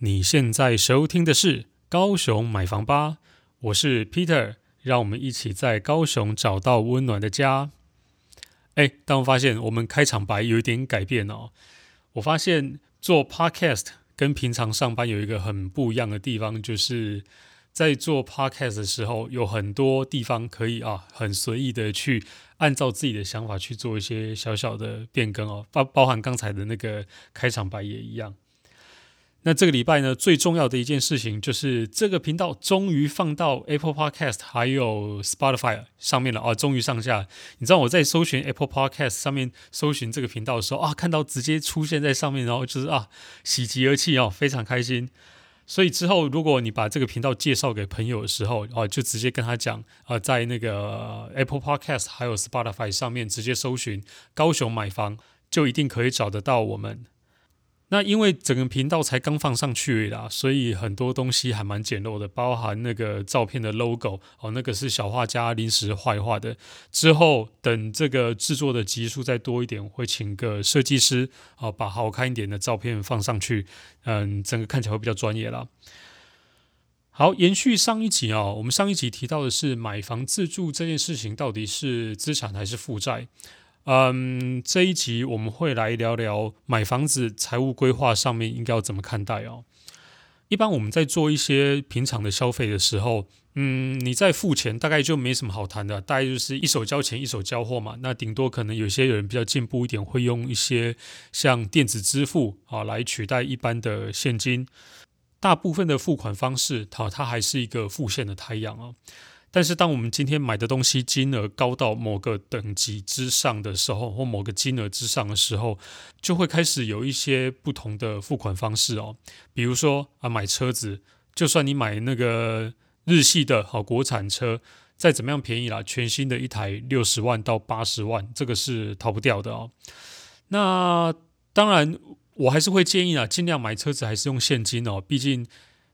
你現在收聽的是《高雄買房吧》，我是 Peter，讓我們一起在高雄找到溫暖的家。哎，當我發現我們開場白有一點改變哦。我發現做 Podcast 跟平常上班有一個很不一樣的地方，就是在做 Podcast 的時候，有很多地方可以啊，很隨意的去按照自己的想法去做一些小小的變更哦，包包含剛才的那個開場白也一樣。那這個禮拜呢，最重要的一件事情就是這個頻道終於放到 Apple Podcast 還有 Spotify 上面了啊！終於上架。你知道我在搜尋 Apple Podcast 上面搜尋這個頻道的時候啊，看到直接出現在上面，然後就是啊，喜極而泣啊，哦，非常開心。所以之後如果你把這個頻道介紹給朋友的時候啊，就直接跟他講啊，在那個 Apple Podcast 還有 Spotify 上面直接搜尋“高雄買房”，就一定可以找得到我們。那因為整個頻道才剛放上去啦，所以很多東西還蠻簡陋的，包含那個照片的 logo 哦，那個是小畫家臨時畫一畫的。之後等這個製作的集數再多一點，我會請個設計師哦，把好看一點的照片放上去，嗯，整個看起來會比較專業啦。好，延續上一集啊、哦，我們上一集提到的是買房自住這件事情到底是資產還是負債？嗯，這一集我們會來聊聊買房子財務規劃上面應該要怎麼看待哦。一般我們在做一些平常的消費的時候，嗯，你在付錢，大概就沒什麼好談的，大概就是一手交錢一手交貨嘛。那頂多可能有些人比較進步一點，會用一些像電子支付啊來取代一般的現金。大部分的付款方式，好，它還是一個付現的太陽哦。但是，當我們今天買的東西金額高到某個等級之上的時候，或某個金額之上的時候，就會開始有一些不同的付款方式哦。比如說啊，買車子，就算你買那個日系的好、啊、國產車，再怎麼樣便宜啦，全新的一台六十萬到八十萬，這個是逃不掉的哦。那當然，我還是會建議啊，盡量買車子還是用現金哦，畢竟。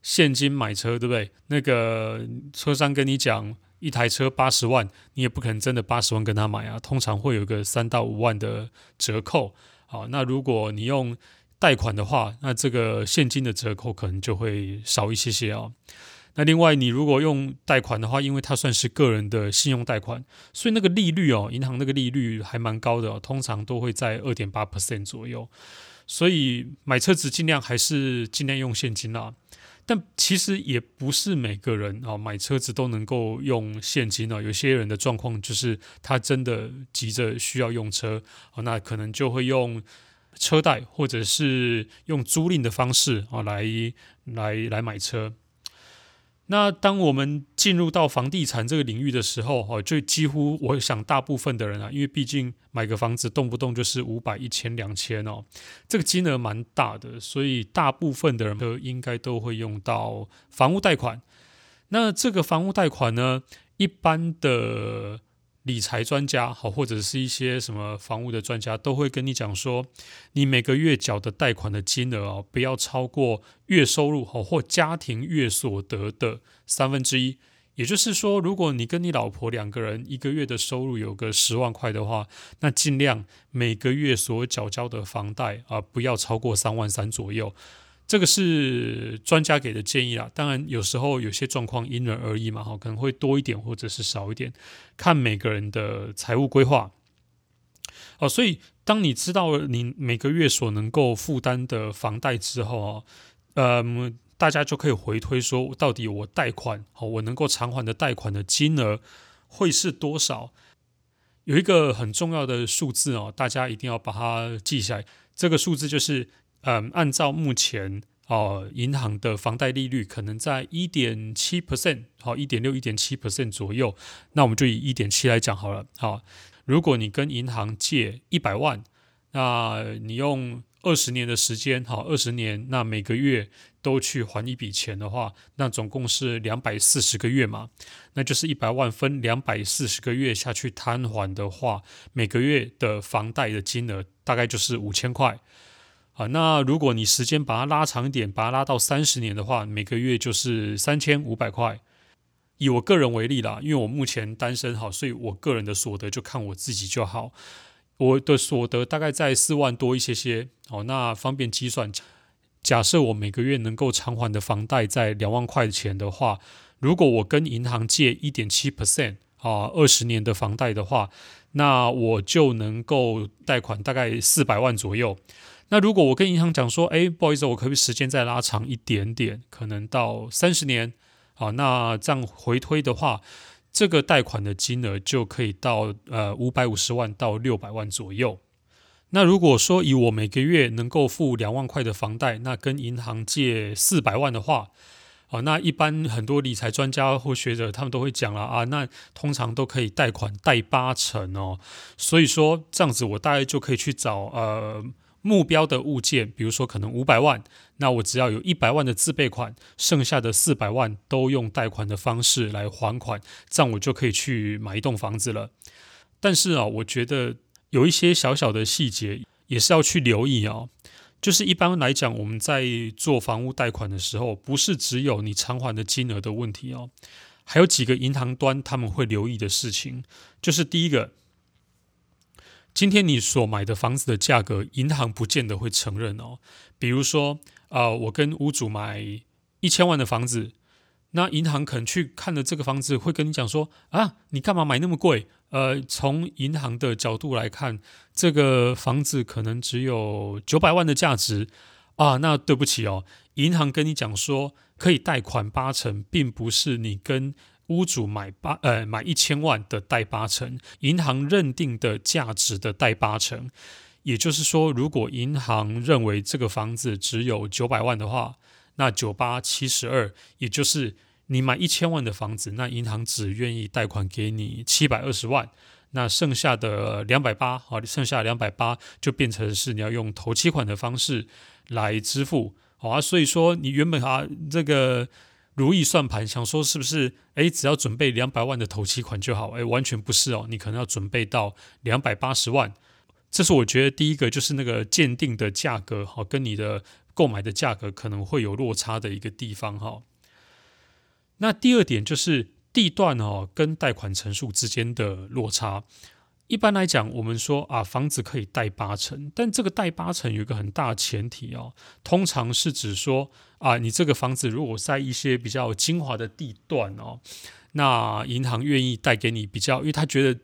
現金買車，對不對？那個車商跟你講一台車八十萬，你也不可能真的八十萬跟他買啊。通常會有個三到五萬的折扣。啊。那如果你用貸款的話，那這個現金的折扣可能就會少一些些啊。那另外，你如果用貸款的話，因為它算是個人的信用貸款，所以那個利率哦，銀行那個利率還蠻高的哦，通常都會在二點八 percent 左右。所以買車子盡量還是盡量用現金啊。但其實也不是每個人啊，買車子都能夠用現金啊。有些人的狀況就是他真的急着需要用車，啊，那可能就會用車貸或者是用租賃的方式啊來來來買車。那當我們進入到房地產這個領域的時候，哦，就幾乎我想大部分的人啊，因為畢竟買個房子動不動就是五百、一千、兩千哦，這個金額蠻大的，所以大部分的人應該都會用到房屋貸款。那這個房屋貸款呢，一般的。理財專家，好，或者是一些什麼房屋的專家，都會跟你講說，你每個月繳的貸款的金額啊，不要超過月收入好，或家庭月所得的三分之一。也就是說，如果你跟你老婆兩個人一個月的收入有個十萬塊的話，那盡量每個月所繳交的房貸啊，不要超過三萬三左右。這個是專家給的建議啦，當然有時候有些狀況因人而異嘛，哈，可能會多一點或者是少一點，看每個人的財務規劃。哦，所以當你知道了你每個月所能夠負擔的房貸之後啊，呃，大家就可以回推說到底我貸款，好，我能夠償還的貸款的金額會是多少？有一個很重要的數字哦，大家一定要把它記下來，這個數字就是。嗯，按照目前哦，銀行的房貸利率可能在一點七 percent，好一點六一點七 percent 左右。那我們就以一點七來講好了。好，哦，如果你跟銀行借一百萬，那你用二十年的時間，好二十年，那每個月都去還一筆錢的話，那總共是兩百四十個月嘛，那就是一百萬分兩百四十個月下去攤還的話，每個月的房貸的金額大概就是五千塊。啊，那如果你時間把它拉長一點，把它拉到三十年的話，每個月就是三千五百塊。以我個人為例啦，因為我目前單身好，所以我個人的所得就看我自己就好。我的所得大概在四萬多一些些。好，那方便計算，假設我每個月能夠償還的房貸在兩萬塊錢的話，如果我跟銀行借一點七 percent，啊，二十年的房貸的話，那我就能夠貸款大概四百萬左右。那如果我跟銀行講說，哎、欸，不好意思，我可不可以時間再拉長一點點，可能到三十年啊？那這樣回推的話，這個貸款的金額就可以到呃五百五十萬到六百萬左右。那如果說以我每個月能夠付兩萬塊的房貸，那跟銀行借四百萬的話，啊，那一般很多理財專家或學者他們都會講了啊，啊，那通常都可以貸款貸八成哦。所以說這樣子，我大概就可以去找呃。目標的物件，比如說可能五百萬，那我只要有一百萬的自備款，剩下的四百萬都用貸款的方式來還款，這樣我就可以去買一棟房子了。但是啊、哦，我覺得有一些小小的細節也是要去留意哦，就是一般來講，我們在做房屋貸款的時候，不是只有你償還的金額的問題哦，還有幾個銀行端他們會留意的事情，就是第一個。今天你所買的房子的價格，銀行不見得會承認哦。比如說，啊、呃，我跟屋主買一千萬的房子，那銀行可能去看了這個房子，會跟你講說：啊，你幹嘛買那麼貴？呃，從銀行的角度來看，這個房子可能只有九百萬的價值啊。那對不起哦，銀行跟你講說可以貸款八成，並不是你跟。屋主買八呃買一千萬的貸八成，銀行認定的價值的貸八成，也就是說，如果銀行認為這個房子只有九百萬的話，那九八七十二，也就是你買一千萬的房子，那銀行只願意貸款給你七百二十萬，那剩下的兩百八，好，剩下兩百八就變成是你要用頭期款的方式來支付，好啊，所以說你原本啊這個。如意算盤，想說是不是？誒只要準備兩百萬的頭期款就好誒。完全不是哦，你可能要準備到兩百八十萬。這是我覺得第一個，就是那個鑑定的價格哈，跟你的購買的價格可能會有落差的一個地方哈。那第二點就是地段跟貸款成數之間的落差。一般來講，我們說啊，房子可以貸八成，但這個貸八成有一個很大的前提哦、啊，通常是指說啊，你這個房子如果在一些比較精華的地段哦、啊，那銀行願意貸給你比較，因為他覺得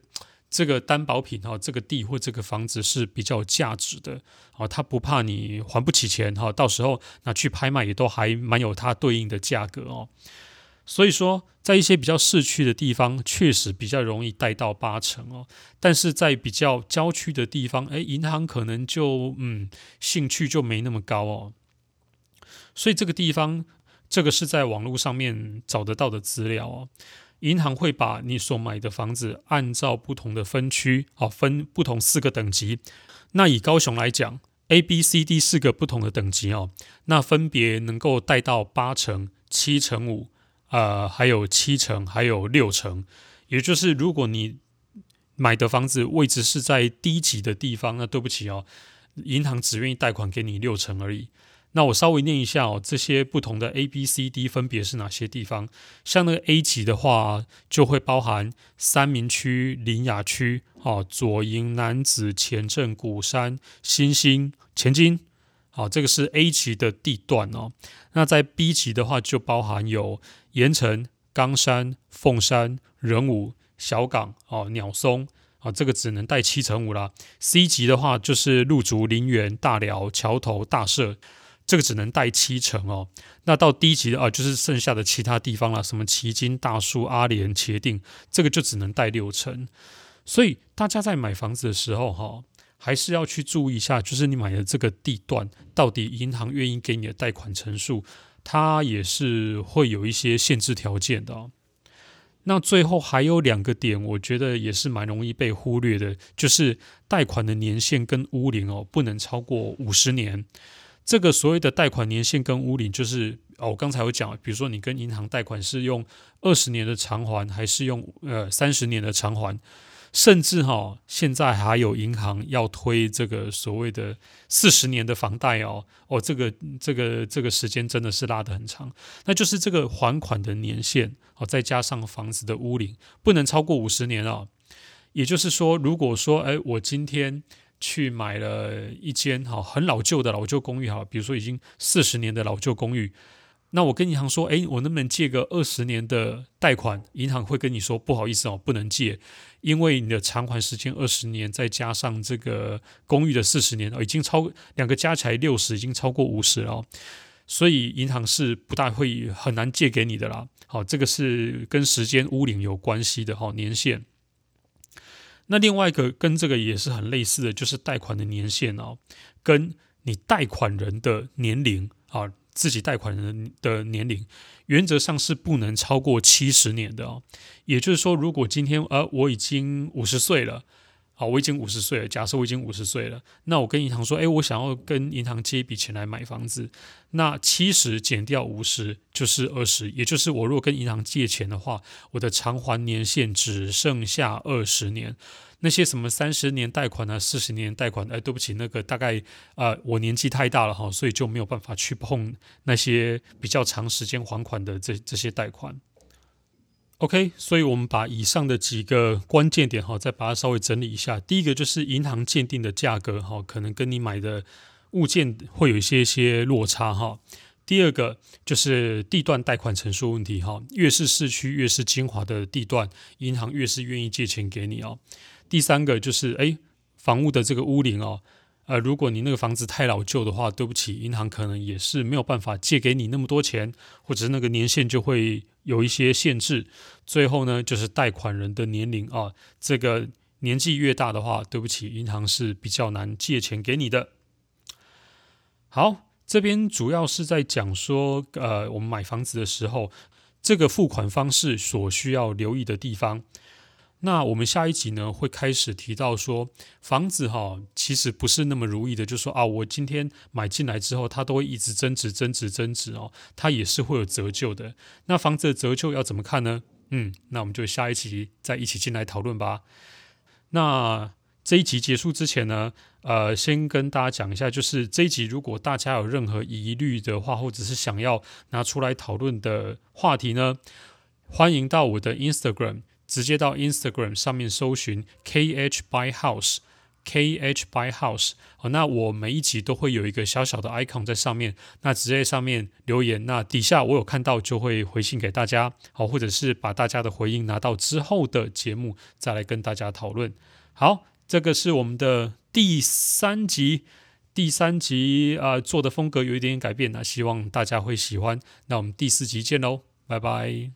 這個擔保品哦、啊，這個地或這個房子是比較有價值的哦、啊，他不怕你還不起錢哈、啊，到時候拿去拍賣也都還蠻有它對應的價格哦、啊。所以說，在一些比較市區的地方，確實比較容易貸到八成哦。但是在比較郊區的地方，哎，銀行可能就嗯，興趣就沒那麼高哦。所以這個地方，這個是在網絡上面找得到的資料哦。銀行會把你所買的房子按照不同的分區，哦，分不同四個等級。那以高雄來講，A、B、C、D 四個不同的等級哦，那分別能夠貸到八成、七成五。呃，還有七成，還有六成，也就是如果你買的房子位置是在 D 級的地方，那對不起哦，銀行只願意貸款給你六成而已。那我稍微念一下哦，這些不同的 A、B、C、D 分別是哪些地方？像那個 A 級的話，就會包含三民區、苓雅區、哦、左營、楠梓、前鎮、鼓山、新興、前金。哦、啊，這個是 A 級的地段哦。那在 B 級的話，就包含有鹽埕、岡山、鳳山、仁武、小港、哦、啊、鳥松，啊這個只能貸七成五啦。C 級的話，就是路竹、林園、大寮、橋頭、大社，這個只能貸七成哦。那到 D 級的啊，就是剩下的其他地方了，什麼旗津、大樹、阿蓮、茄萣，這個就只能貸六成。所以大家在買房子的時候，哦，哈。還是要去注意一下，就是你買的這個地段，到底銀行願意給你的貸款成數，它也是會有一些限制條件的，哦。那最後還有兩個點，我覺得也是蠻容易被忽略的，就是貸款的年限跟屋齡哦，不能超過五十年。這個所謂的貸款年限跟屋齡，就是哦，我剛才有講，比如說你跟銀行貸款是用二十年的償還，還是用呃三十年的償還。甚至哈，現在還有銀行要推這個所謂的四十年的房貸哦，哦，這個這個這個時間真的是拉得很長。那就是這個還款的年限哦，再加上房子的屋齡不能超過五十年哦，也就是說，如果說哎，我今天去買了一間哈很老舊的老舊公寓哈，比如說已經四十年的老舊公寓。那我跟銀行說，哎，我能不能借個二十年的貸款？銀行會跟你說，不好意思哦，不能借，因為你的償還時間二十年，再加上這個公寓的四十年哦，已經超兩個加起來六十，已經超過五十哦，所以銀行是不大會很難借給你的啦。好，這個是跟時間屋齡有關係的，好年限。那另外一個跟這個也是很類似的，就是貸款的年限哦，跟你貸款人的年齡啊。自己貸款人的年齡原則上是不能超過七十年的哦，也就是說，如果今天啊、呃，我已經五十歲了。好，我已經五十歲了。假設我已經五十歲了，那我跟銀行說：“哎，我想要跟銀行借一筆錢來買房子。”那七十減掉五十就是二十，也就是我如果跟銀行借錢的話，我的償還年限只剩下二十年。那些什麼三十年貸款啊、四十年貸款，哎，對不起，那個大概啊、呃，我年紀太大了哈，所以就沒有辦法去碰那些比較長時間還款的這這些貸款。OK，所以我們把以上的幾個關鍵點哈，再把它稍微整理一下。第一個就是銀行鑑定的價格哈，可能跟你買的物件會有一些些落差哈。第二個就是地段貸款成數問題哈，越是市區越是精華的地段，銀行越是願意借錢給你哦。第三個就是誒，房屋的這個屋齡哦，呃，如果你那個房子太老舊的話，對不起，銀行可能也是沒有辦法借給你那麼多錢，或者是那個年限就會。有一些限制，最後呢就是貸款人的年齡啊，這個年紀越大的話，對不起，銀行是比較難借錢給你的。好，這邊主要是在講說，呃，我們買房子的時候，這個付款方式所需要留意的地方。那我們下一集呢，會開始提到說房子哈、哦，其實不是那麼如意的，就是說啊，我今天買進來之後，它都會一直增值、增值、增值哦，它也是會有折舊的。那房子的折舊要怎麼看呢？嗯，那我們就下一集再一起進來討論吧。那這一集結束之前呢，呃，先跟大家講一下，就是這一集如果大家有任何疑慮的話，或者是想要拿出來討論的話題呢，歡迎到我的 Instagram。直接到 Instagram 上面搜尋 KH Buy House，KH Buy House 好，那我每一集都會有一個小小的 icon 在上面，那直接上面留言，那底下我有看到就會回信給大家。好，或者是把大家的回應拿到之後的節目再來跟大家討論。好，這個是我們的第三集，第三集啊，呃，做的風格有一點點改變，那希望大家會喜歡。那我們第四集見嘍，拜拜。